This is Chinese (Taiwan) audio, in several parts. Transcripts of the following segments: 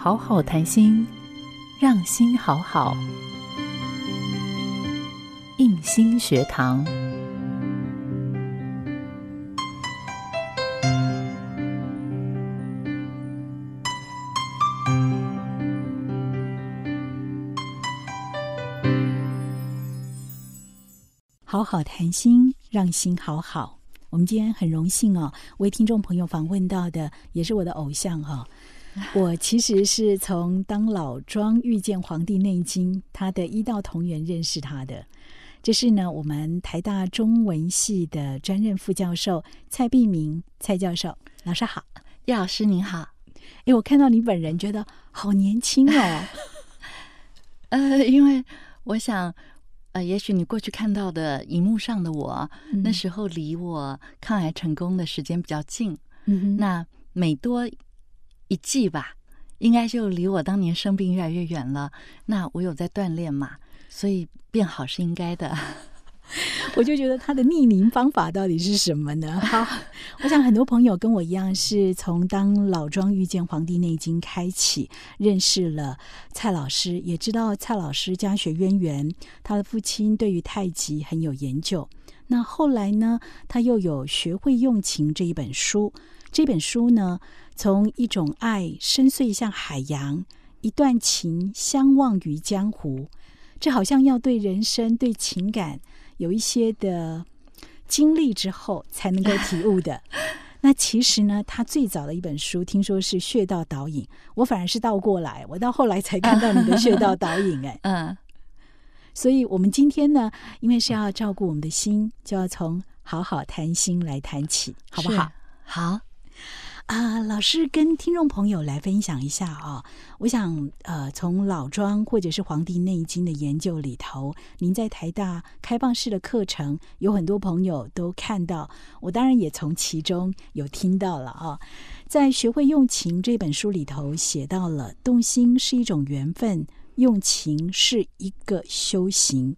好好談心，讓心好好。映心學堂，好好談心，讓心好好。我們今天很榮幸哦，為聽眾朋友訪問到的，也是我的偶像哈、哦。 我其實是從當老莊遇見《黃帝內經》他的醫道同源認識他的，這是呢，我們台大中文系的專任副教授蔡璧名蔡教授老師好，葉老師您好，哎，我看到你本人覺得好年輕哦， 呃，因為我想，呃，也許你過去看到的熒幕上的我，嗯、那時候離我抗癌成功的時間比較近，嗯哼那每多。一季吧，應該就離我當年生病越來越遠了。那我有在鍛鍊嘛，所以變好是應該的。 我就覺得他的逆齡方法到底是什麼呢？好， 我想很多朋友跟我一樣，是從《當老莊遇見黃帝內經》開啟開始認識了蔡老師，也知道蔡老師家學淵源，他的父親對於太極很有研究。那後來呢，他又有《學會用情》這一本書，這本書呢。從一種愛深邃像海洋，一段情相忘於江湖，這好像要對人生、對情感有一些的經歷之後，才能夠體悟的。 那其實呢，他最早的一本書，聽說是《穴道導引》，我反而是倒過來，我到後來才看到你的《穴道導引》欸。哎，嗯。所以，我們今天呢，因為是要照顧我們的心，嗯、就要從好好談心來談起，好不好？好。啊，老師跟聽眾朋友來分享一下啊，我想，呃，從老莊或者是《黃帝內經》的研究裡頭，您在台大開放式的課程，有很多朋友都看到，我當然也從其中有聽到了啊。在《學會用情》這本書裡頭，寫到了動心是一種緣分，用情是一個修行。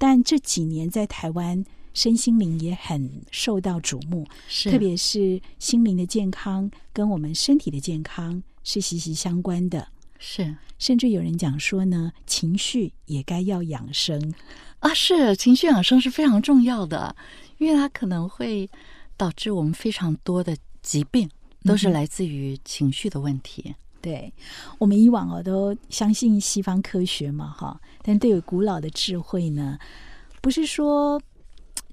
但這幾年在台灣。身心靈也很受到矚目，是特別是心靈的健康跟我們身體的健康是息息相關的。是，甚至有人講說呢，情緒也該要養生啊。是，情緒養生是非常重要的，因為它可能會導致我們非常多的疾病，都是來自於情緒的問題。嗯、哼對我們以往啊、哦，都相信西方科學嘛，哈，但對於古老的智慧呢，不是說。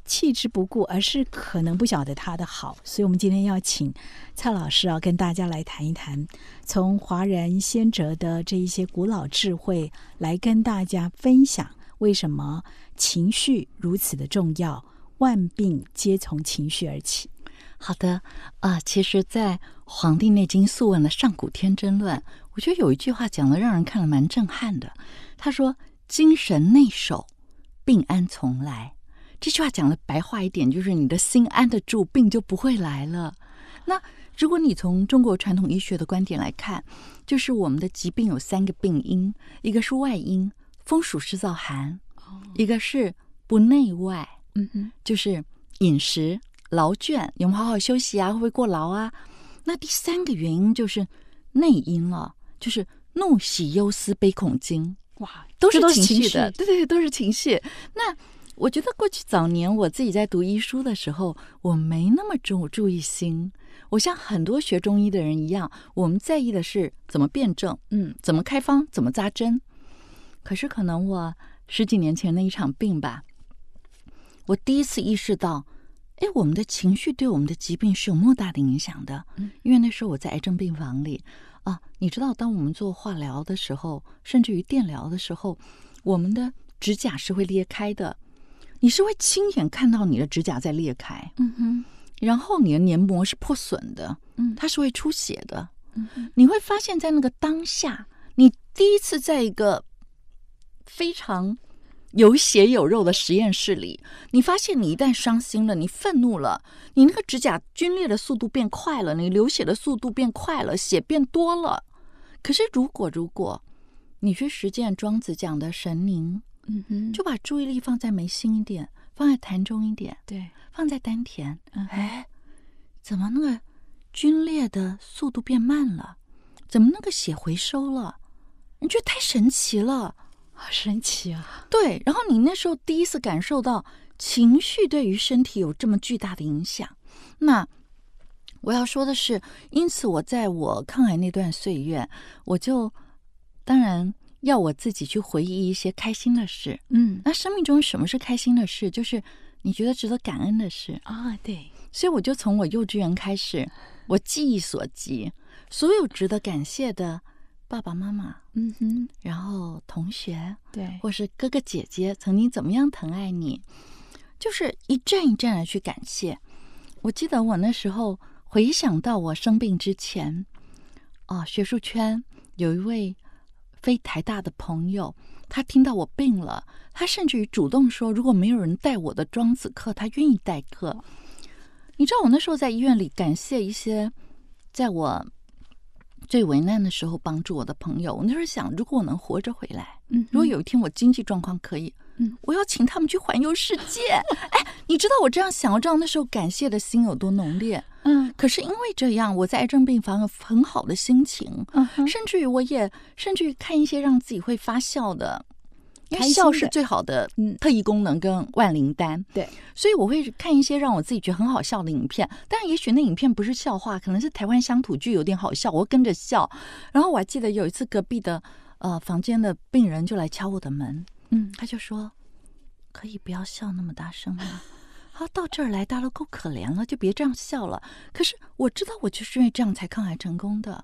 棄之不顧，而是可能不曉得他的好，所以我們今天要請蔡老師啊，跟大家來談一談，從華人先哲的這一些古老智慧來跟大家分享，為什麼情緒如此的重要，萬病皆從情緒而起。好的啊，呃，其實，在《黃帝內經·素問》的《上古天真論》，我覺得有一句話講的讓人看了蠻震撼的，他說：“精神內守，病安從來。”這句話講的白話一點，就是你的心安得住，病就不會來了。那如果你從中國傳統醫學的觀點來看，就是我們的疾病有三個病因，一個是外因，風暑濕燥寒；一個是不內外，嗯哼、哦，就是飲食勞倦，有沒有好好休息啊？會不會過勞啊？那第三個原因就是內因了、哦，就是怒喜憂思悲恐驚，哇，都是情緒的，對對對，都是情緒。那我覺得過去早年我自己在讀醫書的時候，我沒那麼注注意心。我像很多學中醫的人一樣，我們在意的是怎麼辨證，嗯，怎麼開方，怎麼扎針。可是可能我十幾年前的一場病吧，我第一次意識到，哎，我們的情緒對我們的疾病是有莫大的影響的。嗯，因為那時候我在癌症病房裡啊，你知道，當我們做化療的時候，甚至於電療的時候，我們的指甲是會裂開的。你是會親眼看到你的指甲在裂開，嗯哼，然後你的黏膜是破損的，嗯，它是會出血的，嗯哼，你會發現，在那個當下，你第一次在一個非常有血有肉的實驗室裡，你發現，你一旦傷心了，你憤怒了，你那個指甲皸裂的速度變快了，你流血的速度變快了，血變多了。可是，如果如果你去實踐莊子講的神靈，嗯哼， 就把注意力放在眉心一點，放在膻中一點，對，放在丹田。嗯，哎，怎麼那個皸裂的速度變慢了？怎麼那個血回收了？你覺得太神奇了，好神奇啊！對，然後你那時候第一次感受到情緒對於身體有這麼巨大的影響。那我要說的是，因此我在我抗癌那段歲月，我就當然。要我自己去回憶一些開心的事，嗯，那生命中什麼是開心的事？就是你覺得值得感恩的事啊，哦，對。所以我就從我幼稚園開始，我記憶所及，所有值得感謝的爸爸媽媽，嗯哼，然後同學，對，或是哥哥姐姐曾經怎麼樣疼愛你，就是一站一站的去感謝。我記得我那時候回想到我生病之前，哦，學術圈有一位。非台大的朋友，他聽到我病了，他甚至於主動說，如果沒有人代我的莊子課，他願意代課。你知道我那時候在醫院裡感謝一些在我最危難的時候幫助我的朋友。我那時候想，如果我能活着回來，嗯哼，如果有一天我經濟狀況可以，嗯，我要請他們去環遊世界。 哎，你知道我這樣想，我知道那時候感謝的心有多濃烈。嗯，可是因為這樣，我在癌症病房有很好的心情。嗯哼，甚至於我也甚至於看一些讓自己會發笑的，開心的，因為笑是最好的特異功能跟萬靈丹。對，所以我會看一些讓我自己覺得很好笑的影片。但也許那影片不是笑話，可能是台灣鄉土劇有點好笑，我跟着笑。然後我還記得有一次，隔壁的呃房間的病人就來敲我的門。嗯，他就說：“可以不要笑那麼大聲嗎？”啊，到這兒來，大家都夠可憐了，就別這樣笑了。可是我知道，我就是因為這樣才抗癌成功的。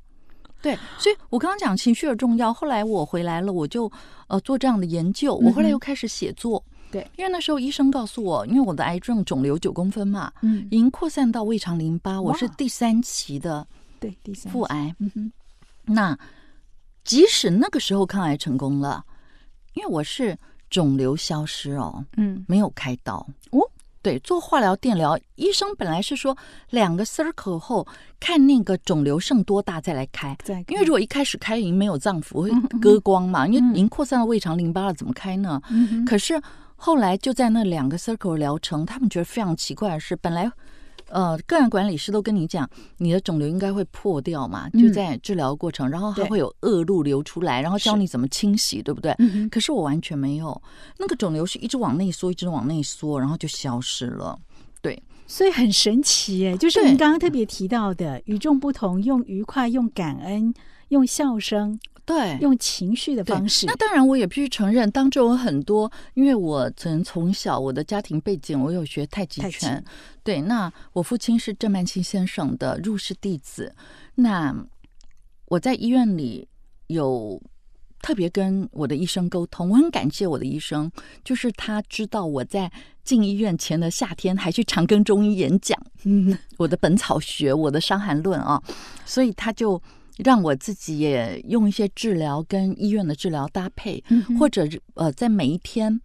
對，所以我剛剛講情緒的重要。後來我回來了，我就呃做這樣的研究。我後來又開始寫作。對、嗯，因為那時候醫生告訴我，因為我的癌症腫瘤九公分嘛，嗯，已經擴散到胃腸淋巴，哇我是第三期的。對，第三腹癌。嗯，那即使那個時候抗癌成功了，因為我是腫瘤消失哦，嗯，沒有開刀我。嗯哦對，做化療、電療，醫生本來是說兩個 circle 後看那個腫瘤剩多大再來開，看因為如果一開始開已經沒有臟腑，會割光嘛，嗯、哼因為已經擴散到胃腸淋巴了，怎麼開呢？嗯、哼可是後來就在那兩個 circle 療程，他們覺得非常奇怪的是，本來。呃，個案管理師都跟你講，你的腫瘤應該會破掉嘛，嗯、就在治療過程，然後還會有惡露流出來，對然後教你怎麼清洗，是對不對？嗯、哼可是我完全沒有，那個腫瘤是一直往內縮，一直往內縮，然後就消失了。對，所以很神奇耶，就是你剛剛特別提到的對與眾不同，用愉快，用感恩，用笑聲。對，用情緒的方式。那當然，我也必須承認，當中有很多，因為我曾從，從小我的家庭背景，我有學太極拳。極。對，那我父親是鄭曼青先生的入室弟子。那我在醫院裡有特別跟我的醫生溝通，我很感謝我的醫生，就是他知道我在進醫院前的夏天還去常跟中醫演講、嗯、我的《本草學》、我的《傷寒論》啊， 所以他就。讓我自己也用一些治療跟醫院的治療搭配，嗯、哼或者呃，在每一天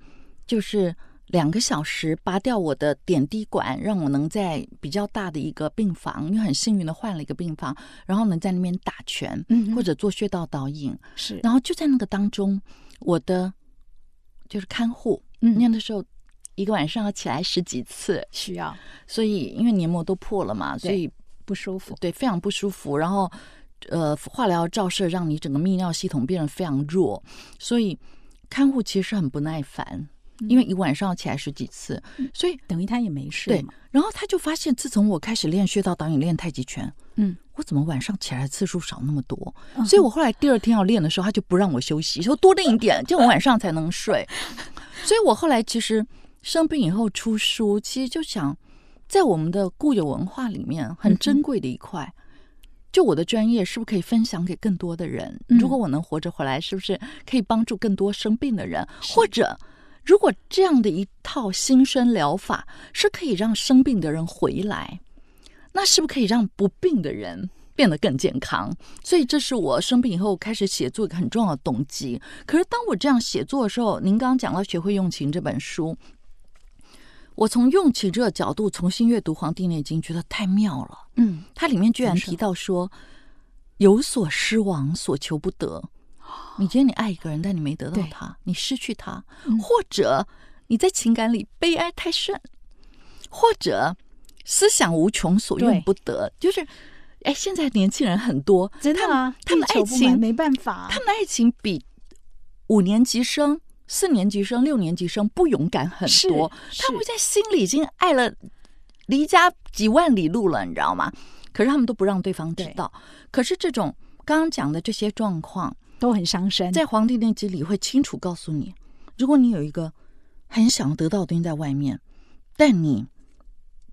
就是兩個小時拔掉我的點滴管，讓我能在比較大的一個病房，因為很幸運的換了一個病房，然後能在那邊打拳，嗯、哼或者做穴道導引。是，然後就在那個當中，我的就是看護那、嗯、哼的時候，一個晚上要起來十幾次，需要。所以因為黏膜都破了嘛，所以不舒服，對，非常不舒服。然後。呃，化療照射讓你整個泌尿系統變得非常弱，所以看護其實很不耐煩，因為一晚上要起來十幾次，嗯、所以等於他也沒睡。對，然後他就發現，自從我開始練穴道、導引、練太極拳，嗯，我怎麼晚上起來次數少那麼多？嗯、所以我後來第二天要練的時候，他就不讓我休息，嗯、說多練一點，就我晚上才能睡。 所以我後來其實生病以後出書，其實就想在我們的固有文化裡面很珍貴的一塊。嗯就我的專業是不是可以分享給更多的人？如果我能活着回來，是不是可以幫助更多生病的人？嗯、或者，如果這樣的一套新生療法是可以讓生病的人回來，那是不是可以讓不病的人變得更健康？所以，這是我生病以後開始寫作一個很重要的動機。可是，當我這樣寫作的時候，您剛剛講到《學會用情》這本書。我從用情這個角度重新閱讀《黃帝內經》，覺得太妙了。嗯，它裡面居然提到說：“是有所失亡，所求不得。”你覺得你愛一個人，但你沒得到他，對你失去他，嗯、或者你在情感裡悲哀太甚，或者思想無窮所用不得。對就是，哎，現在年輕人很多，真的、啊他，他們愛情沒辦法，他們愛情比五年級生。四年級生、六年級生不勇敢很多，他們在心裡已經愛了離家幾萬里路了，你知道嗎？可是他們都不讓對方知道。對可是這種剛剛講的這些狀況都很傷身，在《黃帝內經》裡會清楚告訴你：如果你有一個很想得到的東西在外面，但你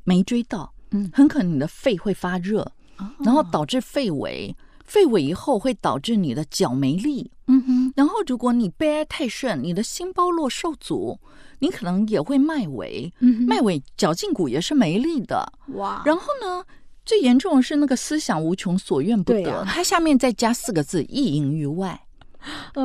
沒追到，嗯，很可能你的肺會發熱，哦、然後導致肺痿。肺痿以後會導致你的腳沒力，嗯哼。然後如果你悲哀太甚，你的心包絡受阻，你可能也會脈痿。脈、嗯、哼痿腳脛骨也是沒力的。哇！然後呢，最嚴重的是那個思想無窮所願不得，啊、它下面再加四個字：意淫於外。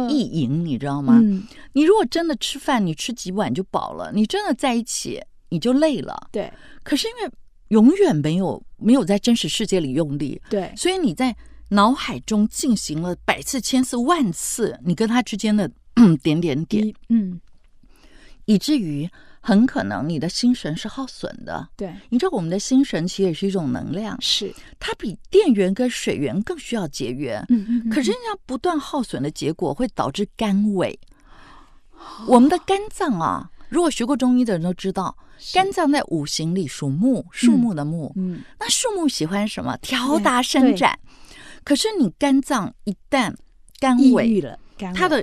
意、嗯、淫你知道嗎？嗯、你如果真的吃飯，你吃幾碗就飽了；你真的在一起，你就累了。對。可是因為永遠沒有沒有在真實世界裡用力，對，所以你在。腦海中進行了百次、千次、萬次，你跟他之間的點點點，嗯，以至於很可能你的心神是耗損的。對，你知道我們的心神其實也是一種能量，是它比電源跟水源更需要節約。嗯，可是你要不斷耗損的結果會導致肝萎。嗯，我們的肝臟啊，如果學過中醫的人都知道，是肝臟在五行裡屬木，樹木的木。嗯，嗯，那樹木喜歡什麼？條達伸展。哎可是你肝臟一旦肝鬱了，它的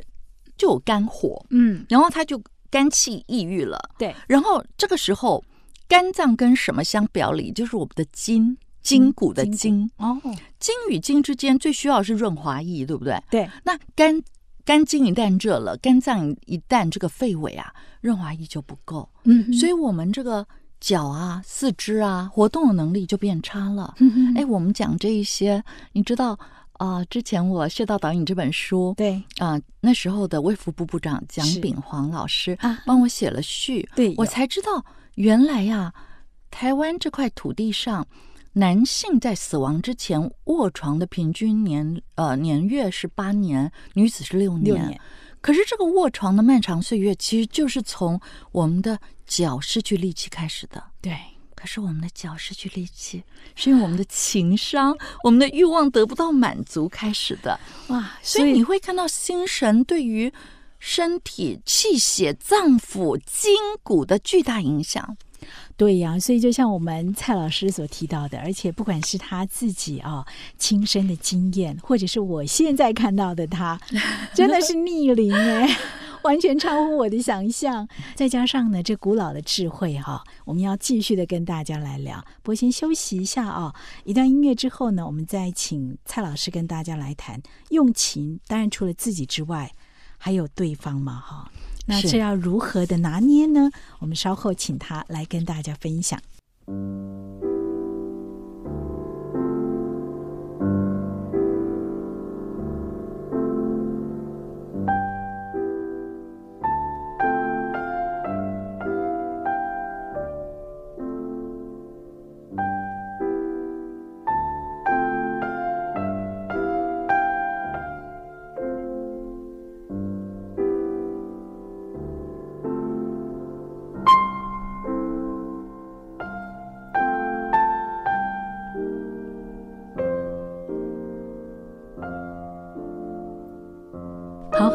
就有肝火，嗯，然後它就肝氣抑鬱了，對。然後這個時候肝臟跟什麼相表裡？就是我們的筋筋骨的筋，筋骨哦，筋與筋之間最需要是潤滑液，對不對？對。那肝肝筋一旦熱了，肝臟一旦這個肺萎啊，潤滑液就不夠，嗯哼，所以我們這個。腳啊，四肢啊，活動的能力就變差了。嗯、哼哎，我們講這一些，你知道啊，呃，之前我《穴道導引》這本書，對啊，呃，那時候的衛福部部長蔣丙煌老師啊，幫我寫了序，啊，對我才知道原來呀，台灣這塊土地上，男性在死亡之前臥床的平均年呃年月是八年，女子是六年，年可是這個臥床的漫長歲月，其實就是從我們的。腳失去力氣開始的，對。可是我們的腳失去力氣，是因為我們的情商、啊、我們的慾望得不到滿足開始的。哇，所以，所以你會看到心神對於身體、氣血、臟腑、筋骨的巨大影響。對呀、啊，所以就像我們蔡老師所提到的，而且不管是他自己啊親身的經驗，或者是我現在看到的他，真的是逆齡哎。 完全超乎我的想象，再加上呢，這古老的智慧哈、哦，我們要繼續的跟大家來聊。我先休息一下啊、哦，一段音樂之後呢，我們再請蔡老師跟大家來談用情。當然除了自己之外，還有對方嘛哈、哦。那這要如何的拿捏呢？是我們稍後請她來跟大家分享。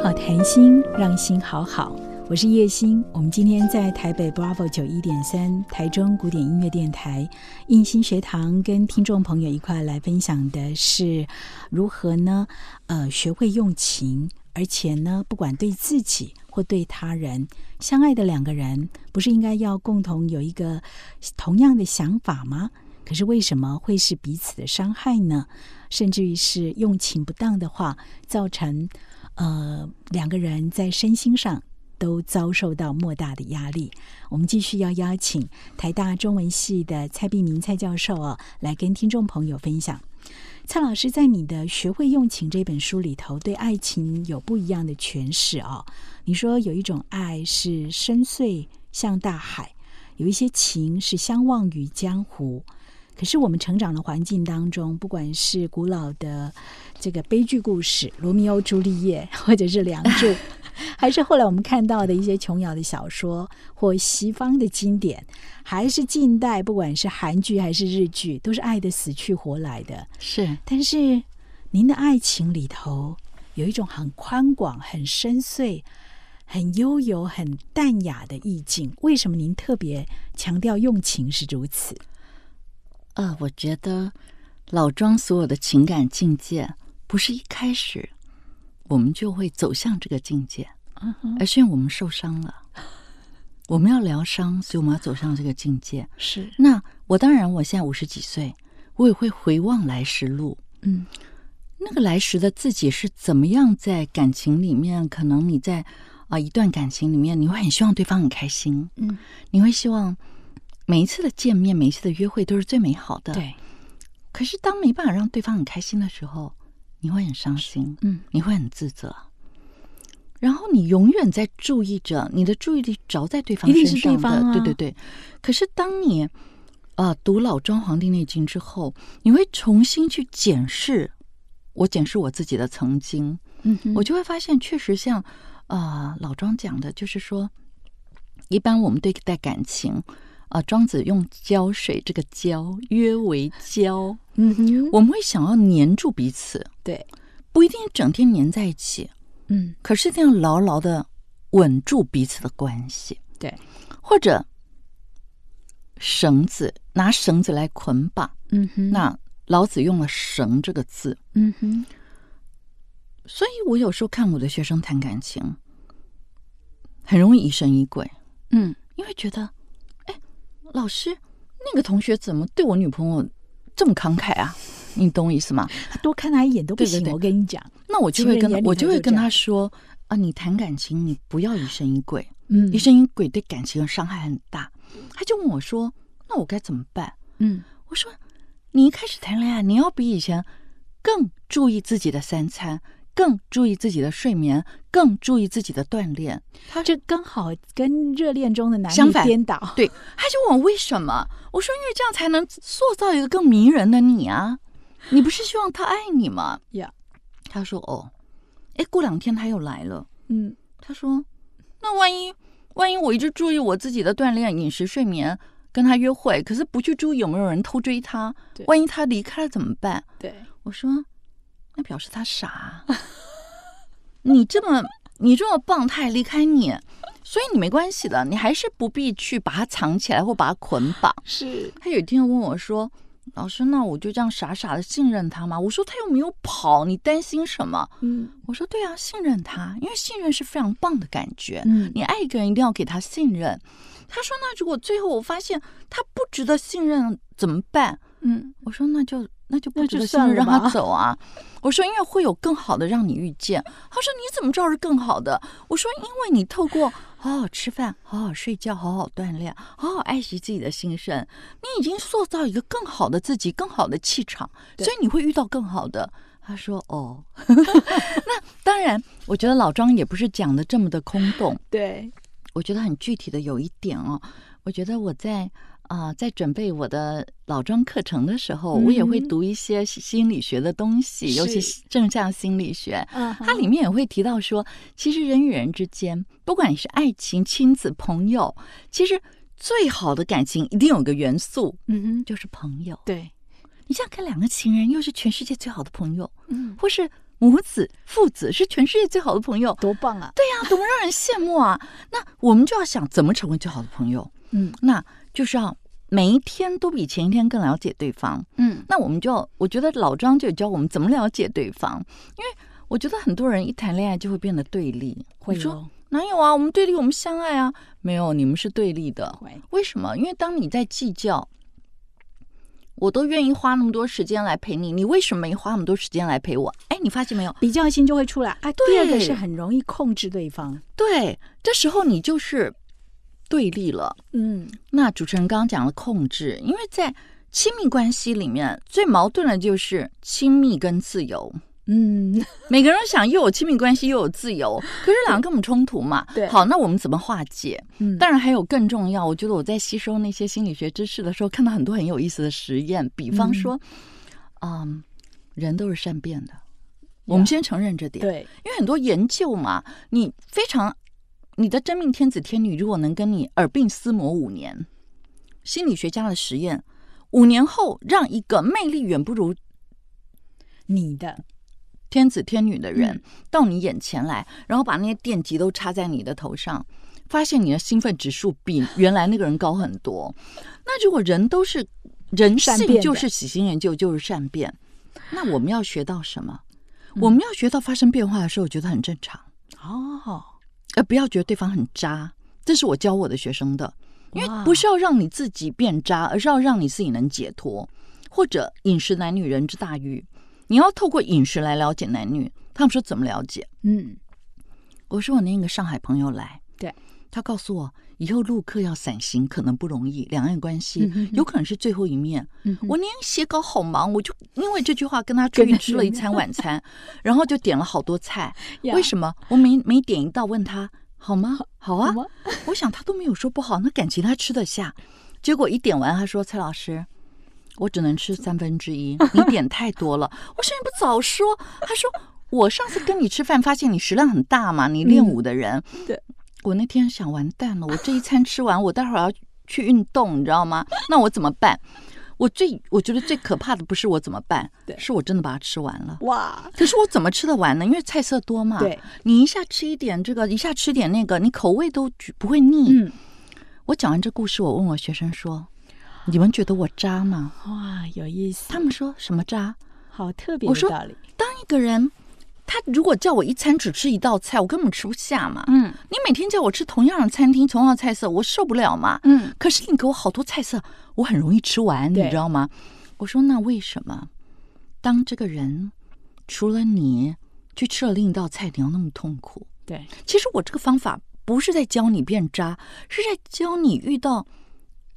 好談心，讓心好好。我是葉心。我們今天在台北 Bravo 九一點三、台中古典音樂電台、映心學堂，跟聽眾朋友一塊來分享的是如何呢？呃，學會用情，而且呢，不管對自己或對他人，相愛的兩個人，不是應該要共同有一個同樣的想法嗎？可是為什麼會是彼此的傷害呢？甚至於是用情不當的話，造成。呃，兩個人在身心上都遭受到莫大的壓力。我們繼續要邀請台大中文系的蔡璧名蔡教授啊，來跟聽眾朋友分享。蔡老師在你的《學會用情》這本書裡頭，對愛情有不一樣的詮釋哦、啊。你說有一種愛是深邃，像大海；有一些情是相忘於江湖。可是我們成長的環境當中，不管是古老的這個悲劇故事《羅密歐朱麗葉》，或者是梁祝《梁祝》，還是後來我們看到的一些瓊瑤的小說，或西方的經典，還是近代，不管是韓劇還是日劇，都是愛得死去活來的。是。但是您的愛情裡頭有一種很寬廣、很深邃、很悠游、很淡雅的意境。為什麼您特別強調用情是如此？啊、呃，我覺得老莊所有的情感境界，不是一開始我們就會走向這個境界，嗯、哼而是因為我們受傷了，我們要療傷，所以我們要走向這個境界。是。那我當然，我現在五十幾歲，我也會回望來時路。嗯，那個來時的自己是怎麽樣在感情裡面？可能你在啊、呃、一段感情裡面，你會很希望對方很開心，嗯，你會希望。每一次的見面，每一次的約會，都是最美好的。對。可是，當沒辦法讓對方很開心的時候，你會很傷心。嗯，你會很自責。然後，你永遠在注意着，你的注意力着在對方，身上的。一定是對方啊。對對對。可是，當你呃讀老莊《黃帝內經》之後，你會重新去檢視我檢視我自己的曾經。嗯哼。我就會發現，確實像呃老莊講的，就是說，一般我們對待感情。啊，莊子用膠水，這個膠約為膠，嗯哼，我們會想要黏住彼此。對，不一定整天黏在一起，嗯，可是這樣牢牢的穩住彼此的關係。對，或者繩子拿繩子來捆綁，嗯哼，那老子用了繩這個字，嗯哼，所以我有時候看我的學生談感情，很容易疑神疑鬼。嗯，因為覺得。老師，那個同學怎麼對我女朋友這麼慷慨啊？你懂我意思嗎？ 他多看他一眼都不行。對不對，我跟你講，那我就會跟他就我就會跟他說啊，你談感情你不要疑神疑鬼，嗯，疑神疑鬼對感情傷害很大。他就問我說，那我該怎麼辦？嗯，我說你一開始談戀愛，啊，你要比以前更注意自己的三餐。更注意自己的睡眠，更注意自己的鍛鍊，他說這剛好跟熱戀中的男人顛倒相反。對，他就問為什麼？我說因為這樣才能塑造一個更迷人的你啊！你不是希望他愛你嗎？ 他說哦，哎，過兩天他又來了，嗯，他說那萬一萬一我一直注意我自己的鍛鍊、飲食、睡眠，跟他約會，可是不去注意有沒有人偷追他，對萬一他離開了怎麼辦？對，我說。表示他傻，你這麼你這麼棒，他還離開你，所以你沒關係的，你還是不必去把他藏起來或把他捆綁。是，他有一天問我說：“老師，那我就這樣傻傻的信任他嗎？”我說：“他又沒有跑，你擔心什麼？”嗯，我說：“對啊，信任他，因為信任是非常棒的感覺。嗯，你愛一個人一定要給他信任。”他說：“那如果最後我發現他不值得信任怎麼辦？”嗯，我說，那就那就不值得信任，算讓他走啊！我說因為會有更好的讓你遇見。他說，你怎麼知道是更好的？我說因為你透過好好吃飯、好好睡覺、好好鍛鍊、好好愛惜自己的心身，你已經塑造一個更好的自己、更好的氣場，對所以你會遇到更好的。他說哦， 那當然，我覺得老莊也不是講的這麼的空洞。對，我覺得很具體的有一點哦，我覺得我在。啊，uh, 在準備我的老莊課程的時候，mm hmm. 我也會讀一些心理學的東西，是尤其是正向心理學。嗯、uh，huh. 它裡面也會提到說，其實人與人之間，不管你是愛情、親子、朋友，其實最好的感情一定有一個元素，嗯哼、mm，hmm. 就是朋友。對，你像跟兩個情人又是全世界最好的朋友，嗯、mm，hmm. 或是母子、父子是全世界最好的朋友，多棒啊！對呀、啊，多麼讓人羨慕啊！ 那我們就要想怎麼成為最好的朋友。嗯、mm，hmm. 那。就是啊，每一天都比前一天更了解對方。嗯，那我們就要，我覺得老莊就教我們怎麼了解對方。因為我覺得很多人一談戀愛就會變得對立。會、嗯、說有哪有啊？我們對立，我們相愛啊？沒有，你們是對立的。會為什麼？因為當你在計較，我都願意花那麼多時間來陪你，你為什麼沒花那麼多時間來陪我？哎，你發現沒有？比較心就會出來。哎、啊，對，是很容易控制對方。對，這時候你就是。對立了，嗯，那主持人剛剛講了控制，因為在親密關係裡面最矛盾的就是親密跟自由，嗯， 每個人都想又有親密關係又有自由，可是兩個根本衝突嘛，對好，那我們怎麼化解？嗯，當然還有更重要，我覺得我在吸收那些心理學知識的時候，看到很多很有意思的實驗，比方說，嗯，嗯，人都是善變的，呀我們先承認這點，對，因為很多研究嘛，你非常。你的真命天子天女如果能跟你耳鬢厮磨五年，心理學家的實驗，五年後讓一個魅力遠不如你的天子天女的人到你眼前來，嗯、然後把那些電極都插在你的頭上，發現你的興奮指數比原來那個人高很多。那如果人都是人性就是喜新厭舊，就是善變，善變，那我們要學到什麼？嗯、我們要學到發生變化的時候，我覺得很正常哦。呃，而不要覺得對方很渣，這是我教我的學生的，因為不是要讓你自己變渣，Wow. 而是要讓你自己能解脫。或者飲食男女人之大欲，你要透過飲食來了解男女。他們說怎麼了解？嗯，我說我那一個上海朋友來。他告訴我，以後陸客要散行，可能不容易。兩岸關係、嗯、哼哼有可能是最後一面。嗯、哼我連寫稿好忙，我就因為這句話跟他出去吃了一餐晚餐，然後就點了好多菜。呀為什麼？我每每點一道問他好嗎好？好啊。 我想他都沒有說不好，那感情他吃得下。結果一點完，他說：“ 蔡老師，我只能吃三分之一，你點太多了。” 我說：“你不早說？”他說：“我上次跟你吃飯，發現你食量很大嘛，你練武的人。嗯”對。我那天想完蛋了，我這一餐吃完，我待會兒要去運動，你知道嗎？那我怎麼辦？我最我覺得最可怕的不是我怎麼辦，對，是我真的把它吃完了。哇！可是我怎麼吃得完呢？因為菜色多嘛。對，你一下吃一點這個，一下吃點那個，你口味都不會膩。嗯。我講完這故事，我問我學生說：“你們覺得我渣嗎？”哇，有意思。他們說什麼渣？好，特別有道理。我說，當一個人。他如果叫我一餐只吃一道菜，我根本吃不下嘛。嗯，你每天叫我吃同樣的餐廳、同樣的菜色，我受不了嘛。嗯，可是你給我好多菜色，我很容易吃完，對你知道嗎？我說那為什麼？當這個人除了你去吃了另一道菜，你要那麼痛苦？對，其實我這個方法不是在教你變渣，是在教你遇到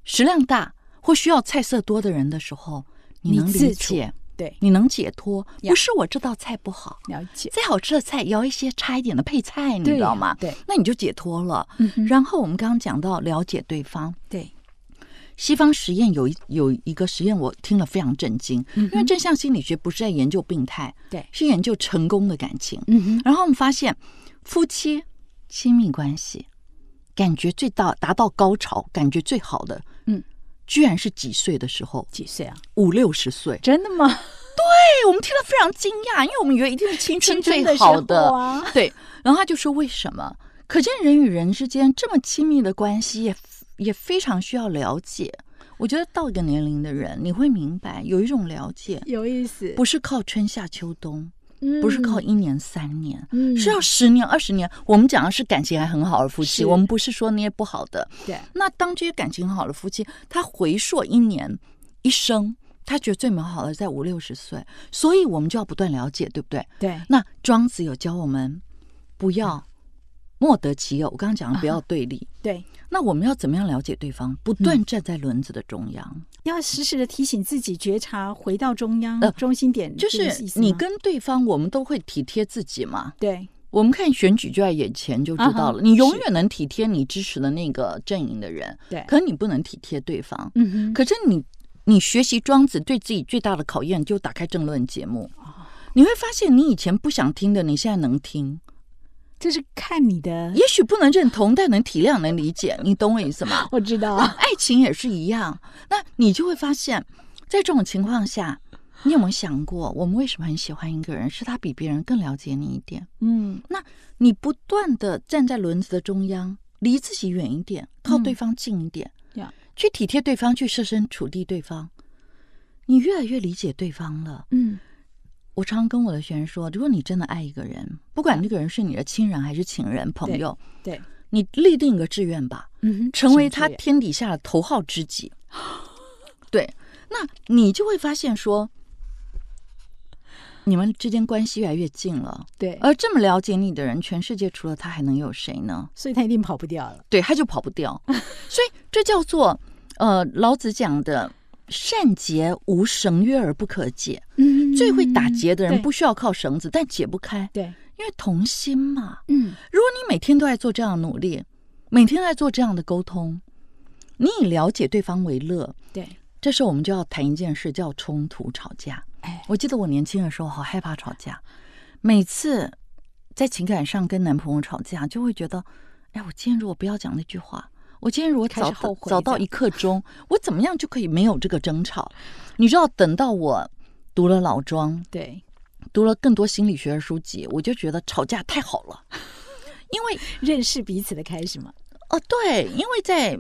食量大或需要菜色多的人的時候，你能理解。對，你能解脫，不是我這道菜不好，了解。再好吃的菜，也要一些差一點的配菜，啊、你知道嗎？對，那你就解脫了。嗯、哼然後我們剛剛講到了解對方。對、嗯哼，西方實驗有有一個實驗，我聽了非常震驚，嗯、哼因為正向心理學不是在研究病態，對、嗯哼，是研究成功的感情。嗯哼。然後我們發現，夫妻親密關係感覺最大達到高潮，感覺最好的。居然是幾歲的時候？幾歲啊？五六十歲？真的嗎？對，我們聽了非常驚訝，因為我們以為一定是青春最好的。好的 對，然後他就說：“為什麼？可見人與人之間這麼親密的關係也，也也非常需要了解。我覺得到一個年齡的人，你會明白有一種了解，有意思，不是靠春夏秋冬。”不是靠一年三年，嗯、是要十年二十年。我們講的是感情還很好的夫妻，是我們不是說那些不好的。對，那當這些感情很好的夫妻，他回溯一年一生，他覺得最美好的在五六十歲，所以我們就要不斷了解，對不對？對。那莊子有教我們不要。莫得其偶，我剛剛講了，不要對立。啊、對，那我們要怎麼樣了解對方？不斷站在輪子的中央，嗯、要時時的提醒自己，覺察回到中央，啊、中心點。就是你跟對方，我們都會體貼自己嘛。對，我們看選舉就在眼前就知道了。啊、哈你永遠能體貼你支持的那個陣營的人，對。可你不能體貼對方。嗯嗯哼，可是你，你學習莊子，對自己最大的考驗，就打開政論節目，哦、你會發現你以前不想聽的，你現在能聽。就是看你的，也許不能認同，但能體諒，能理解，你懂我意思嗎？ 我知道、啊，愛情也是一樣。那你就會發現，在這種情況下，你有沒有想過，我們為什麼很喜歡一個人？是他比別人更了解你一點？嗯，那你不斷的站在輪子的中央，離自己遠一點，靠對方近一點，呀、嗯，去體貼對方，去設身處地對方，你越來越理解對方了。嗯。我常跟我的學員說，如果你真的愛一個人，不管那個人是你的親人還是情人，對朋友，對，你立定一個志願吧，嗯、哼成為他天底下的頭號知己。對，那你就會發現說，你們之間關係越來越近了。對，而這麼了解你的人，全世界除了他還能有誰呢？所以他一定跑不掉了。對，他就跑不掉。 所以這叫做，呃，老子講的。善結無繩約而不可解，嗯、最會打結的人不需要靠繩子，對但解不開。對，因為同心嘛。嗯，如果你每天都在做這樣的努力，每天在做這樣的溝通，你以了解對方為樂。對，這時候我們就要談一件事，叫衝突吵架。哎、我記得我年輕的時候好害怕吵架，每次在情感上跟男朋友吵架，就會覺得，哎，我今天如果不要講那句話。我今天如果早開始後悔早到一刻鐘，我怎麼樣就可以沒有這個爭吵？你知道，等到我讀了老莊，對，讀了更多心理學的書籍，我就覺得吵架太好了，因為認識彼此的開始嘛。哦，對，因為在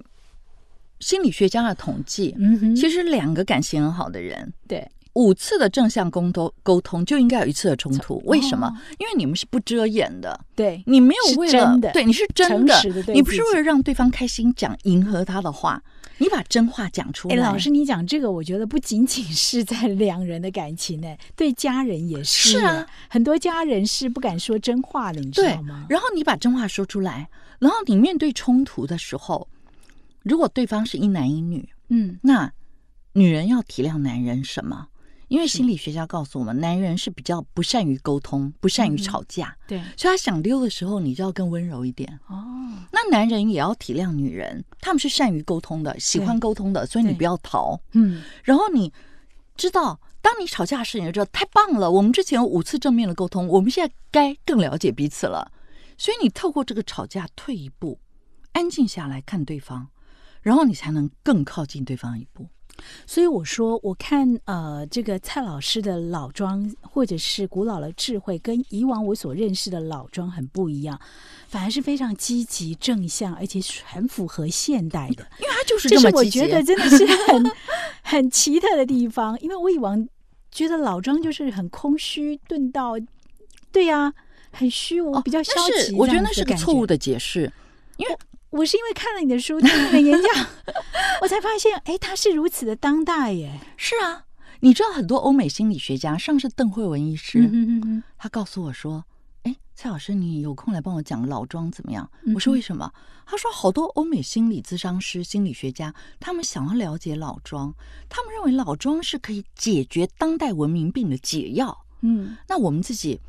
心理學家的統計，嗯哼，其實兩個感情很好的人，對。五次的正向溝通，溝通就應該有一次的衝突。為什麼？哦、因為你們是不遮掩的，對你沒有為了真的，對你是真的，的你不是為了讓對方開心講迎合他的話，嗯、你把真話講出來。欸、老師，你講這個，我覺得不僅僅是在兩人的感情、欸，內，對家人也是、欸。是啊，很多家人是不敢說真話的，你知道嗎？然後你把真話說出來，然後你面對衝突的時候，如果對方是一男一女，嗯，那女人要體諒男人什麼？因為心理學家告訴我們，是男人是比較不善於溝通、不善於吵架，嗯、對，所以他想溜的時候，你就要更溫柔一點哦。那男人也要體諒女人，他們是善於溝通的，喜歡溝通的，對所以你不要逃，對嗯。然後你知道，當你吵架時，你就知道太棒了。我們之前有五次正面的溝通，我們現在該更了解彼此了。所以你透過這個吵架，退一步，安靜下來看對方，然後你才能更靠近對方一步。所以我說，我看呃，這個蔡老師的老莊，或者是古老的智慧，跟以往我所認識的老莊很不一樣，反而是非常積極、正向，而且很符合現代的。的因為他就是，這是我覺得真的是很是很奇特的地方。 因為我以往覺得老莊就是很空虛、鈍 到，對呀、啊，很虛無，哦、是比較消極。我覺得那是個錯誤的解釋，因為。我是因為看了你的書，聽你的演講， 我才發現，哎，他是如此的當代耶！是啊，你知道很多歐美心理學家，像是鄧惠文醫師，嗯、哼哼哼他告訴我說，誒，蔡老師，你有空來幫我講老莊怎麼樣？我說為什麼？嗯、哼他說，好多歐美心理諮商師、心理學家，他們想要了解老莊，他們認為老莊是可以解決當代文明病的解藥。嗯，那我們自己。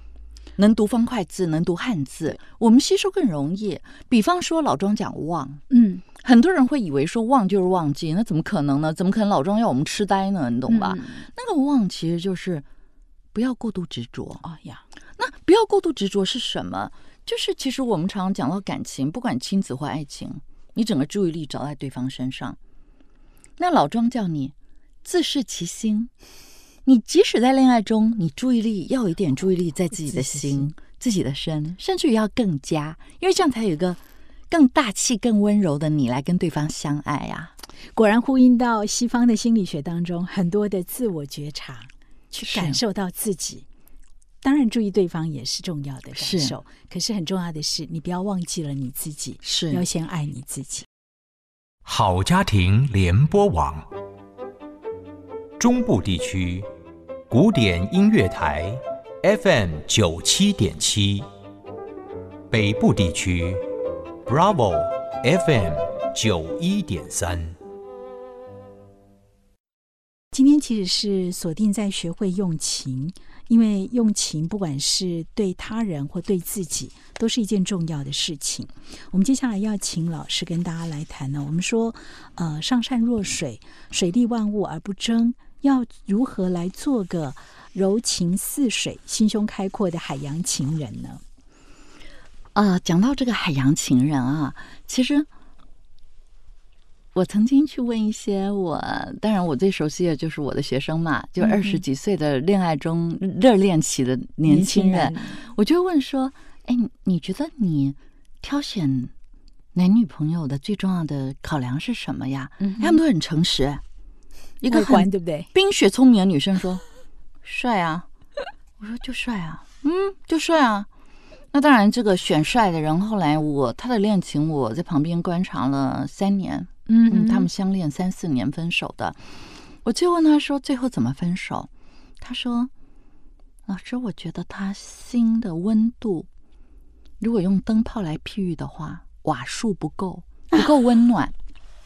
能讀方塊字，能讀漢字，對我們吸收更容易。比方說老莊講忘，嗯，很多人會以為說忘就是忘記，那怎麼可能呢？怎麼可能老莊要我們痴呆呢？你懂吧？嗯、那個忘其實就是不要過度執着。哎呀，那不要過度執着是什麼？就是其實我們常常講到感情，不管親子或愛情，你整個注意力找在對方身上，那老莊叫你自事其心。你即使在戀愛中，你注意力要有一點注意力在自己的心、自己、自己的身，甚至於要更加，因為這樣才有一個更大氣、更溫柔的你來跟對方相愛啊。果然呼應到西方的心理學當中，很多的自我覺察，去感受到自己。是當然，注意對方也是重要的感受，是可是很重要的是，你不要忘記了你自己，是要先愛你自己。好家庭聯播網，中部地區。古典音樂台，FM 九七點七，北部地區，Bravo FM 九一點三。今天其實是鎖定在學會用情，因為用情不管是對他人或對自己，都是一件重要的事情。我們接下來要請老師跟大家來談呢。我們說，呃，上善若水，水利萬物而不爭。要如何來做個柔情似水、心胸開闊的海洋情人呢？啊、呃，講到這個海洋情人啊，其實我曾經去問一些我，當然我最熟悉的就是我的學生嘛，就二十幾歲的戀愛中熱戀期的年輕人，年輕人。我就問說：“哎，你覺得你挑選男女朋友的最重要的考量是什麼呀？”他們都很誠實。一個很，對不對，冰雪聰明的女生說：“ 帥啊！”我說：“就帥啊！”嗯，就帥啊！那當然，這個選帥的人，後來我他的戀情，我在旁邊觀察了三年。嗯，嗯，嗯，他們相戀三四年分手的，我就問他說：“最後怎麼分手？”他說：“老師，我覺得他心的溫度，如果用燈泡來譬喻的話，瓦數不夠，不夠溫暖。”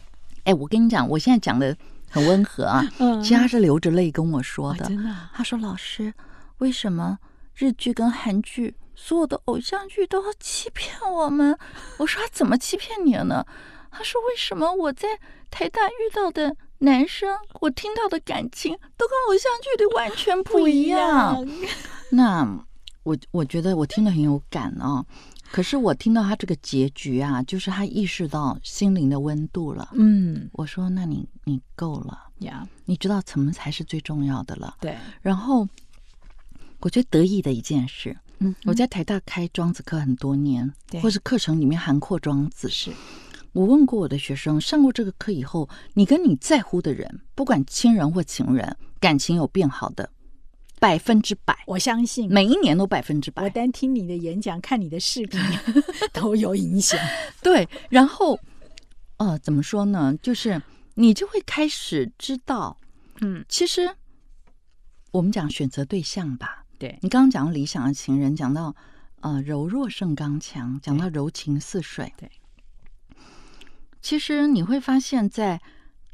哎，我跟你講，我現在講的。很溫和啊，夾、嗯、是流着淚跟我說的。啊、真的、啊，他說：“老師，為什麼日劇跟韓劇所有的偶像劇都欺騙我們？”我說：“他怎麼欺騙你了呢？”他說：“為什麼我在台大遇到的男生，我聽到的感情都跟偶像劇裡完全不一樣？”一樣，那我我覺得我聽了很有感哦。嗯可是我聽到他這個結局啊，就是他意識到心靈的溫度了。嗯，我說那你你夠了呀，Yeah. 你知道什麼才是最重要的了？對。然後我覺得得意的一件事，嗯，我在台大開莊子課很多年，對、嗯，或是課程裡面涵括莊子，是對我問過我的學生，上過這個課以後，你跟你在乎的人，不管親人或情人，感情有變好的。百分之百，我相信每一年都百分之百。我單聽你的演講，看你的視頻 都有影響。 對，然後，呃，怎麼說呢？就是你就會開始知道，嗯，其實我們講選擇對象吧。對，你剛剛講到理想的情人，講到呃柔弱勝剛強，講到柔情似水。對，對，其實你會發現在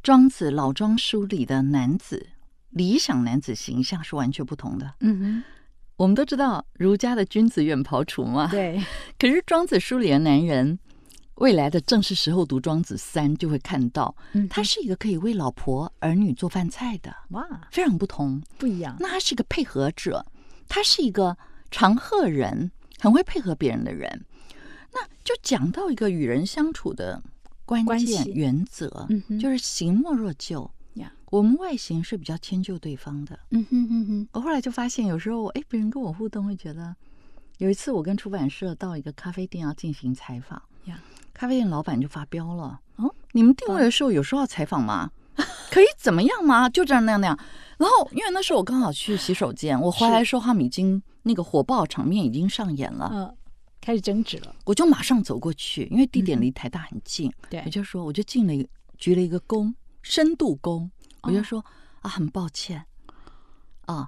莊子《老莊》書裡的男子。理想男子形象是完全不同的。嗯哼，我們都知道儒家的君子遠庖廚嘛。對。可是莊子書裡的男人，未來的正是時候讀莊子三就會看到，他是一個可以為老婆兒女做飯菜的哇，嗯、哼非常不同，不一樣。那他是一個配合者，他是一個唱和人，很會配合別人的人。那就講到一個與人相處的關鍵原則，嗯、就是形莫若就。我們外形是比較遷就對方的。嗯哼哼哼。我後來就發現，有時候，哎，別人跟我互動會覺得，有一次我跟出版社到一個咖啡店要進行採訪，咖啡店老闆就發飆了。哦，你們訂位的時候有說要採訪嗎？可以怎麼樣嗎？就這樣那樣那樣。然後，因為那時候我剛好去洗手間，我回來時候他們已經那個火爆場面已經上演了，嗯，開始爭執了。我就馬上走過去，因為地點離台大很近，對，我就說，我就進了一個鞠了一個躬，深度躬。我就說啊，很抱歉啊，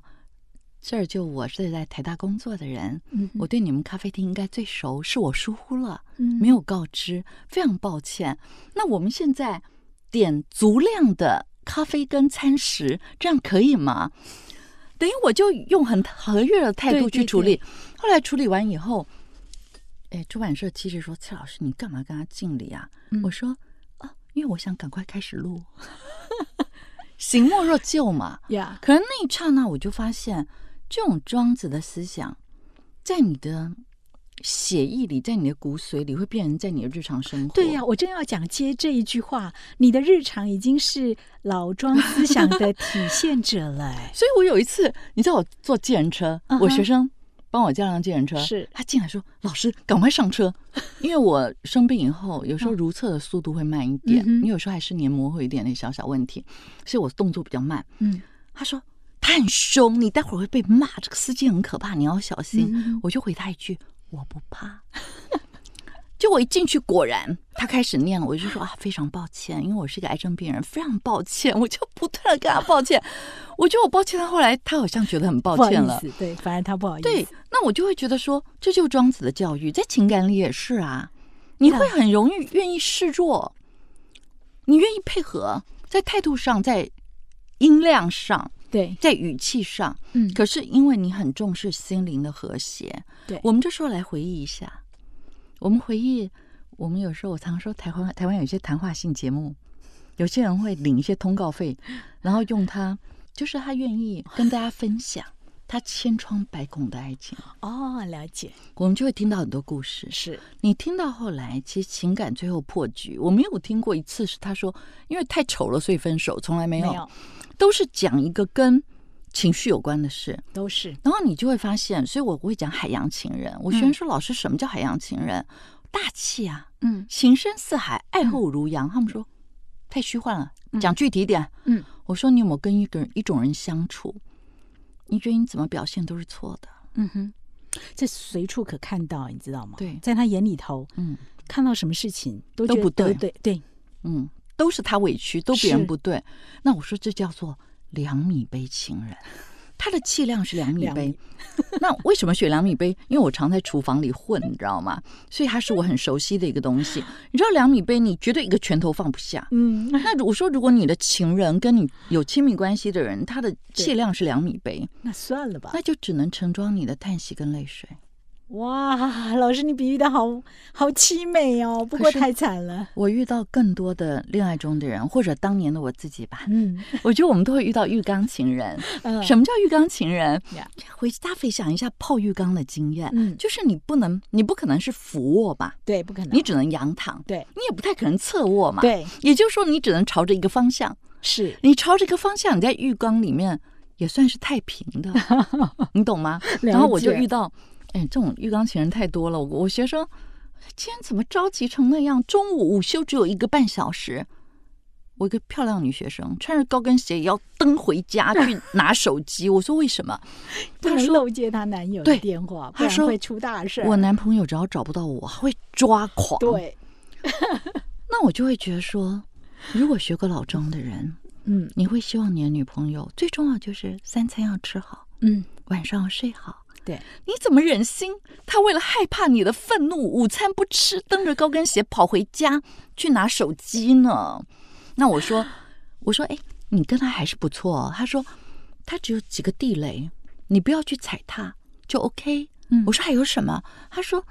這兒就我是在台大工作的人，嗯嗯，我對你們咖啡廳應該最熟，是我疏忽了，嗯、沒有告知，非常抱歉。那我們現在點足量的咖啡跟餐食，這樣可以嗎？等於我就用很和悅的態度去處理。對對對，後來處理完以後，哎，出版社其實說：“蔡老師，你幹嘛跟他敬禮啊？”嗯、我說：“啊，因為我想趕快開始錄。 ”形莫若就嘛，呀！Yeah. 可能那一剎那，我就發現這種莊子的思想，在你的血液裡，在你的骨髓裡，會變成在你的日常生活。對呀、啊，我正要講接這一句話，你的日常已經是老莊思想的體現者了、哎。 所以我有一次，你知道我坐計程車，我學生幫我叫輛計程車，是、uh huh. 他進來說：“老師，趕快上車。” 因為我生病以後，有時候如廁的速度會慢一點，你、嗯、哼有時候還是黏膜會有一點那小小問題，所以我動作比較慢。嗯，他說他很凶，你待會兒會被罵，這個司機很可怕，你要小心。嗯、我就回他一句，我不怕。 就我一進去，果然他開始念了，我就說啊，非常抱歉，因為我是一個癌症病人，非常抱歉，我就不斷的跟他抱歉。我覺得我抱歉到後來他好像覺得很抱歉了，對，反而他不好意思。對，那我就會覺得說，這就是莊子的教育，在情感裡也是啊，你會很容易願意示弱，對你願意配合，在態度上，在音量上，對，在語氣上，嗯。可是因為你很重視心靈的和諧，對，我們這時候來回憶一下。我們回憶，我們有時候我常說台灣台灣有一些談話性節目，有些人會領一些通告費，然後用他就是他願意跟大家分享他千瘡百孔的愛情。哦，了解，我們就會聽到很多故事，是你聽到後來，其實情感最後破局，我沒有聽過一次是他說因為太醜了所以分手，從來沒有，沒有，都是講一個跟情緒有關的事都是，然後你就會發現，所以我會講海洋情人。我學生說：“老師，什麼叫海洋情人？”大氣啊，嗯，情深似海，愛厚如洋。他們說太虛幻了，講具體點。嗯，我說你有沒有跟一個人、一種人相處，你覺得你怎麼表現都是錯的？嗯哼，這隨處可看到，你知道嗎？對，在他眼裡頭，嗯，看到什麼事情都不對，對，嗯，都是他委屈，都別人不對。那我說這叫做。量米杯情人，他的氣量是量米杯。 兩米 那為什麼選量米杯？因為我常在廚房裡混，你知道嗎？所以它是我很熟悉的一個東西。你知道量米杯，你絕對一個拳頭放不下。嗯， 那我說，如果你的情人跟你有親密關係的人，他的氣量是量米杯，那算了吧，那就只能盛裝你的嘆息跟淚水。哇，老師，你比喻的好，好淒美哦。不過太慘了。我遇到更多的戀愛中的人，或者當年的我自己吧。嗯，我覺得我們都會遇到浴缸情人。什麼叫浴缸情人？回去大家分享一下泡浴缸的經驗。嗯，就是你不能，你不可能是俯臥吧？對，不可能。你只能仰躺。對。你也不太可能側臥嘛。對。也就是說，你只能朝着一個方向。是。你朝着一個方向，你在浴缸裡面也算是太平的，你懂嗎？然後我就遇到。哎，這種浴缸情人太多了。我我學生今天怎麼着急成那樣？中午午休只有一個半小時，我一個漂亮女學生穿着高跟鞋要蹬回家去拿手機。 我說為什麼？她說漏接她男友的電話，她說對會出大事。我男朋友只要找不到我會抓狂。對， 那我就會覺得說，如果學過老莊的人， 嗯，你會希望你的女朋友最重要就是三餐要吃好，嗯，晚上要睡好。對，你怎麼忍心？他為了害怕你的憤怒，午餐不吃，蹬着高跟鞋跑回家去拿手機呢？那我說，我說，哎，你跟他還是不錯。他說，他只有幾個地雷，你不要去踩他，就 OK。嗯，我說還有什麼？他說。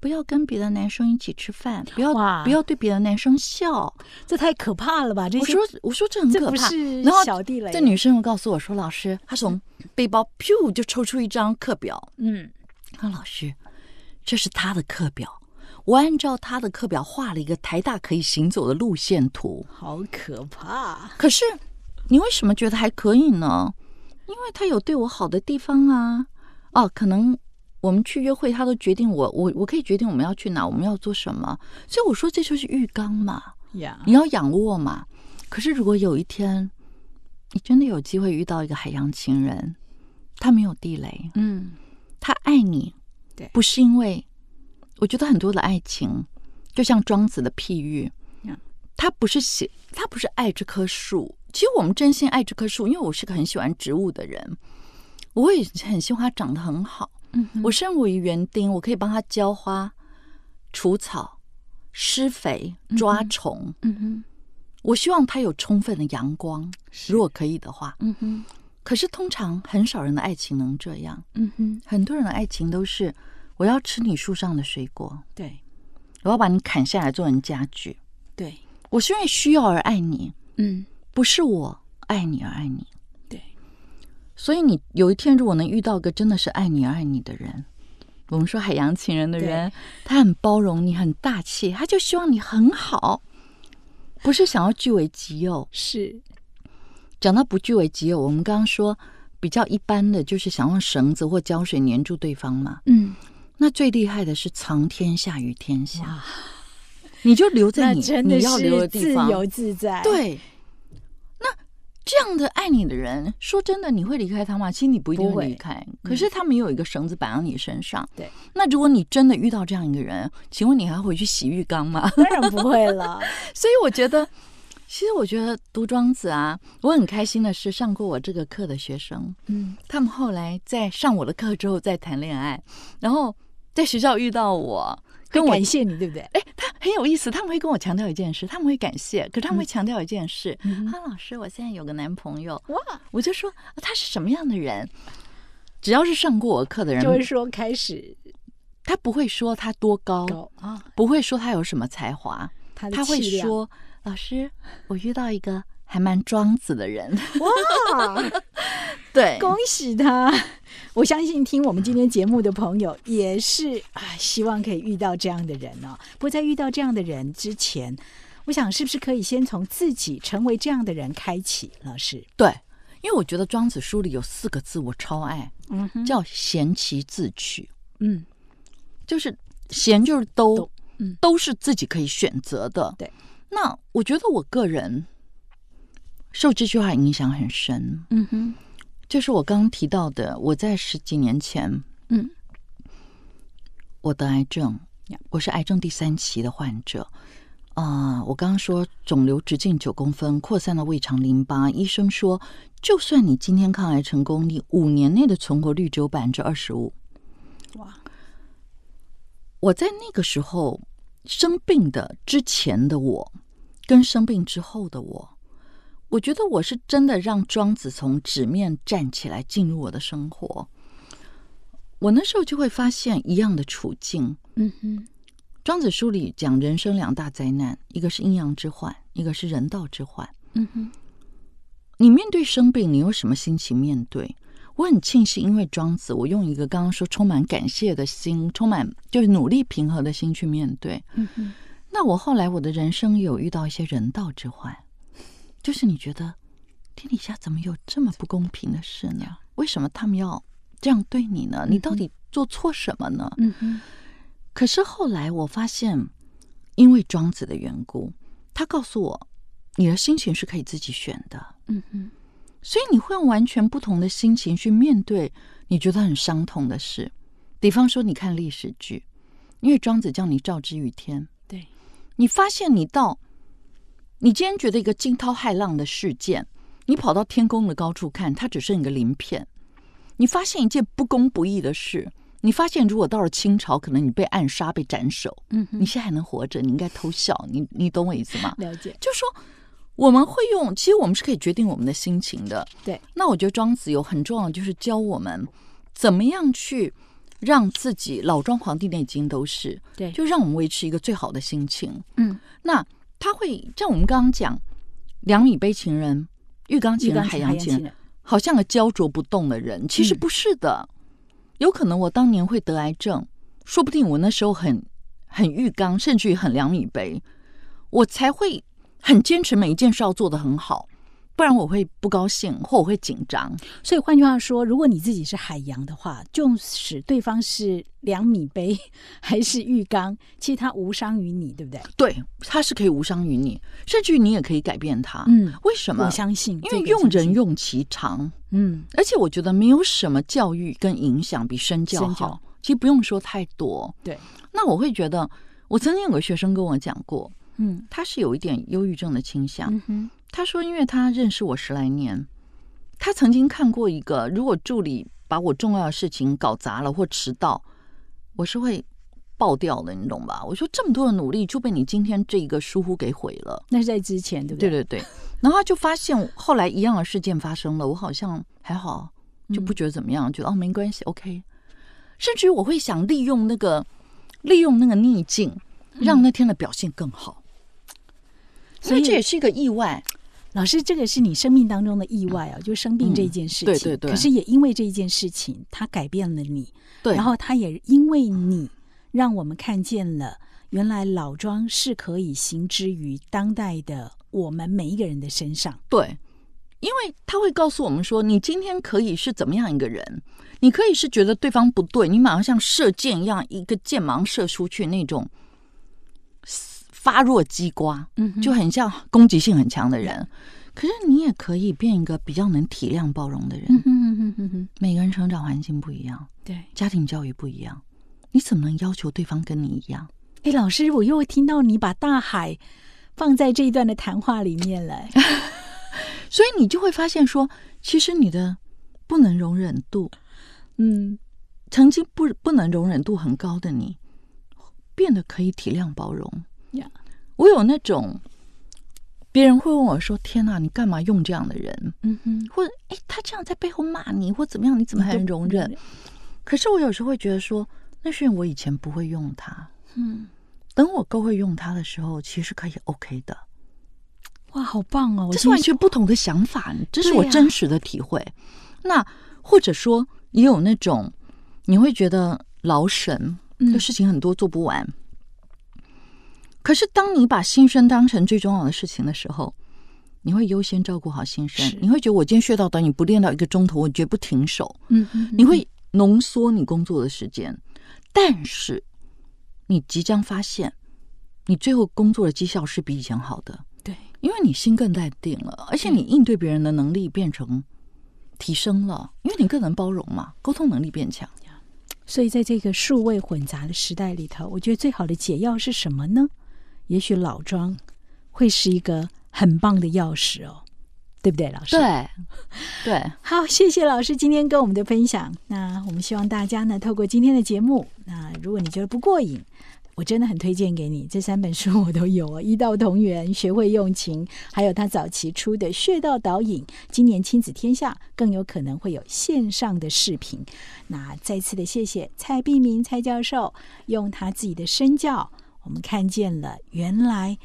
不要跟別的男生一起吃飯，不要哇不要對別的男生笑，這太可怕了吧！這我說我說這很可怕。這是小弟然後這女生又告訴我說：“老師，她從背包噗，嗯、就抽出一張課表，嗯，說、啊、老師，這是他的課表，我按照他的課表畫了一個台大可以行走的路線圖，好可怕。可是你為什麼覺得還可以呢？因為他有對我好的地方啊，哦，啊，可能。”我們去約會，他都決定我，我我可以決定我們要去哪，我們要做什麼。所以我說，這就是浴缸嘛，Yeah. 你要仰臥嘛。可是如果有一天，你真的有機會遇到一個海洋情人，他沒有地雷，嗯，mm. 他愛你，對，不是因為我覺得很多的愛情對就像莊子的譬喻，Yeah. 他不是喜，他不是愛這棵樹。其實我們真心愛這棵樹，因為我是個很喜歡植物的人，我也很希望它長得很好。Mm hmm. 我身為園丁，我可以幫他澆花、除草、施肥、抓蟲。嗯哼、mm，hmm. mm hmm. 我希望他有充分的陽光，是，如果可以的話。嗯哼、mm，hmm. 可是通常很少人的愛情能這樣。嗯哼、mm，hmm. 很多人的愛情都是我要吃你樹上的水果，對，我要把你砍下來做成家具。對，我是因為需要而愛你，嗯、mm，hmm. 不是我愛你而愛你。所以你有一天如果能遇到個真的是愛你愛你的人，我們說海洋情人的人，對他很包容你，很大氣，他就希望你很好，不是想要據為己有。是，講到不據為己有，我們剛剛說比較一般的就是想用繩子或膠水粘住對方嘛。嗯，那最厲害的是藏天下於天下，哇你就留在你自自在你要留的地方，自由自在。對。這樣的愛你的人，說真的，你會離開他嗎？其實你不一定會離開，會可是他沒有一個繩子綁到你身上。對、嗯，那如果你真的遇到這樣一個人，請問你還會去洗浴缸嗎？當然不會了。 所以我覺得，其實我覺得讀莊子啊，我很開心的是，上過我這個課的學生，嗯，他們後來在上我的課之後再談戀愛，然後在學校遇到我。跟我感謝你，對不對？哎，他很有意思，他們會跟我強調一件事，他們會感謝，可是他們會強調一件事。他說、嗯嗯啊：“老師，我現在有個男朋友。”哇！我就說他是什麼樣的人？只要是上過我課的人，就會說開始。他不會說他多高啊，高哦、不會說他有什麼才華，他，他會說：“老師，我遇到一個還蠻莊子的人。”哇！ 對，恭喜他。我相信聽我們今天節目的朋友也是啊，希望可以遇到這樣的人呢、哦。不過在遇到這樣的人之前，我想是不是可以先從自己成為這樣的人開啟？老師，對，因為我覺得《莊子》書裡有四個字，我超愛，嗯哼，叫“咸其自取”。嗯，就是“咸”就是都，都嗯，都是自己可以選擇的。對，那我覺得我個人受這句話影響很深。嗯哼。就是我剛剛提到的，我在十幾年前，嗯，我得癌症，我是癌症第三期的患者啊、呃。我剛剛說腫瘤直徑九公分，擴散到胃腸淋巴，醫生說就算你今天抗癌成功，你五年內的存活率只有百分之二十五。哇！我在那個時候生病的之前的我，跟生病之後的我，我覺得我是真的讓莊子從紙面站起來進入我的生活。我那時候就會發現一樣的處境。嗯哼，莊子書裡講人生兩大災難，一個是陰陽之患，一個是人道之患。嗯哼，你面對生病，你有什麼心情面對？我很慶幸，因為莊子，我用一個剛剛說充滿感謝的心，充滿就是努力平和的心去面對。嗯哼，那我後來我的人生有遇到一些人道之患。就是你覺得天底下怎麼有這麼不公平的事呢？為什麼他們要這樣對你呢？你到底做錯什麼呢？ 嗯哼。可是後來我發現，因為莊子的緣故，他告訴我，你的心情是可以自己選的。嗯哼。所以你會用完全不同的心情去面對你覺得很傷痛的事。比方說，你看歷史劇，因為莊子叫你“照之於天”，對。你發現你到。你今天覺得一個驚濤駭浪的事件，你跑到天宮的高處看，它只剩一個鱗片。你發現一件不公不義的事，你發現如果到了清朝，可能你被暗殺、被斬首。嗯、哼你現在還能活着，你應該偷笑。你你懂我意思嗎？了解。就說我們會用，其實我們是可以決定我們的心情的。對。那我覺得莊子有很重要，就是教我們怎麼樣去讓自己老莊《黃帝內經》都是對，就讓我們維持一個最好的心情。嗯。那他會像我們剛剛講，量米杯情人、浴缸情人、缸海洋情人，情人好像個膠著不動的人。其實不是的，嗯、有可能我當年會得癌症，說不定我那時候很很浴缸，甚至於很量米杯，我才會很堅持每一件事要做得很好。不然我會不高興，或我會緊張。所以換句話說，如果你自己是海洋的話，即使對方是兩米杯還是浴缸，其實他無傷於你，對不對？對，他是可以無傷於你，甚至於你也可以改變他。嗯，為什麼？我相信，因為用人用其長。嗯，而且我覺得沒有什麼教育跟影響比身教好。教其實不用說太多。對。那我會覺得，我曾經有個學生跟我講過，嗯，他是有一點憂鬱症的傾向。嗯哼。他說：“因為他認識我十來年，他曾經看過一個，如果助理把我重要的事情搞砸了或遲到，我是會爆掉的，你懂吧？”我說：“這麼多的努力就被你今天這一個疏忽給毀了。”那是在之前，對不對？對對對。 然後他就發現，後來一樣的事件發生了，我好像還好，就不覺得怎麼樣，嗯、覺得哦沒關係，OK。甚至於我會想利用那個，利用那個逆境，讓那天的表現更好。嗯、所以這也是一個意外。老師，這個是你生命當中的意外啊，就生病這一件事情。嗯、對對對。可是也因為這一件事情，他改變了你。對。然後他也因為你，讓我們看見了，原來老莊是可以行之於當代的我們每一個人的身上。對。因為他會告訴我們說，你今天可以是怎麼樣一個人？你可以是覺得對方不對，你馬上像射箭一樣，一個箭芒射出去那種，發弱雞瓜，就很像攻擊性很強的人。嗯、哼可是你也可以變一個比較能體諒包容的人。嗯哼嗯哼嗯嗯嗯。每個人成長環境不一樣，對，家庭教育不一樣，你怎麼能要求對方跟你一樣？誒，欸、老師，我又會聽到你把大海放在這一段的談話裡面來， 所以你就會發現說，其實你的不能容忍度，嗯，曾經不不能容忍度很高的你，變得可以體諒包容。呀，Yeah. 我有那種別人會問我說：“ oh. 天哪，你幹嘛用這樣的人？”嗯哼、mm，hmm. 或者哎，他這樣在背後罵你，或怎麼樣，你怎麼還能容忍？可是我有時候會覺得說，那是因為我以前不會用它。嗯、mm，hmm. 等我夠會用它的時候，其實可以 OK 的。哇，好棒哦！這是完全不同的想法，哇這是我真實的體會。啊、那或者說，也有那種你會覺得勞神，的、嗯、事情很多做不完。可是，當你把新生當成最重要的事情的時候，你會優先照顧好新生，是你會覺得我今天學到的，你不練到一個鐘頭，我絕不停手。嗯，嗯，嗯，你會濃縮你工作的時間，但是你即將發現，你最後工作的績效是比以前好的。對，因為你心更淡定了，而且你應對別人的能力變成提升了，嗯、因為你更能包容嘛，溝通能力變強。所以，在這個數位混雜的時代裡頭，我覺得最好的解藥是什麼呢？也許老莊會是一個很棒的鑰匙哦，對不對，老師？對，對， 好，謝謝老師今天跟我們的分享。那我們希望大家呢，透過今天的節目，那如果你覺得不過癮，我真的很推薦給你這三本書，我都有啊、哦，《醫道同源》、《學會用情》，還有他早期出的《穴道導引》。今年《親子天下》更有可能會有線上的視頻。那再次的謝謝蔡璧名蔡教授，用他自己的身教。我們看見了，原來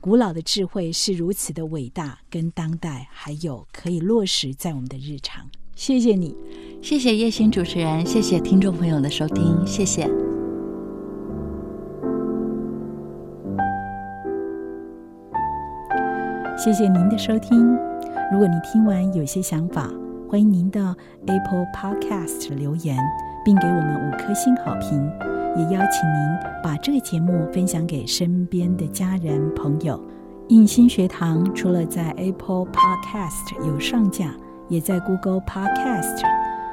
古老的智慧是如此的偉大，跟當代還有可以落實在我們的日常。謝謝你，謝謝葉欣主持人，謝謝聽眾朋友的收聽，謝謝，謝謝您的收聽。如果您聽完有些想法，歡迎您到 Apple Podcast 留言，並給我們五顆星好評。也邀請您把這個節目分享給身邊的家人朋友。映心學堂除了在 Apple Podcast 有上架，也在 Google Podcast、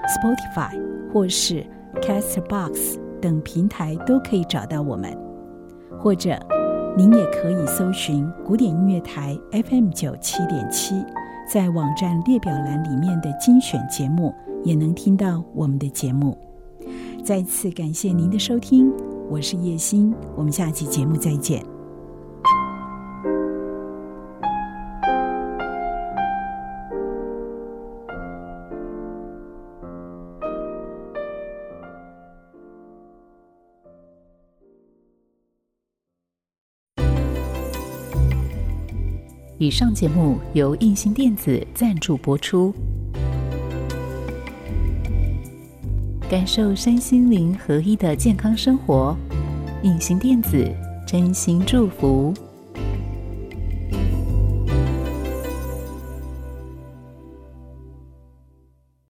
Spotify 或是 Castbox 等平台都可以找到我們。或者您也可以搜尋古典音樂台 FM 九七點七，在網站列表欄裡面的精選節目也能聽到我們的節目。再次感謝您的收聽，我是葉欣，我們下期節目再見。以上節目由映興電子贊助播出。感受身心靈合一的健康生活，映興電子真心祝福。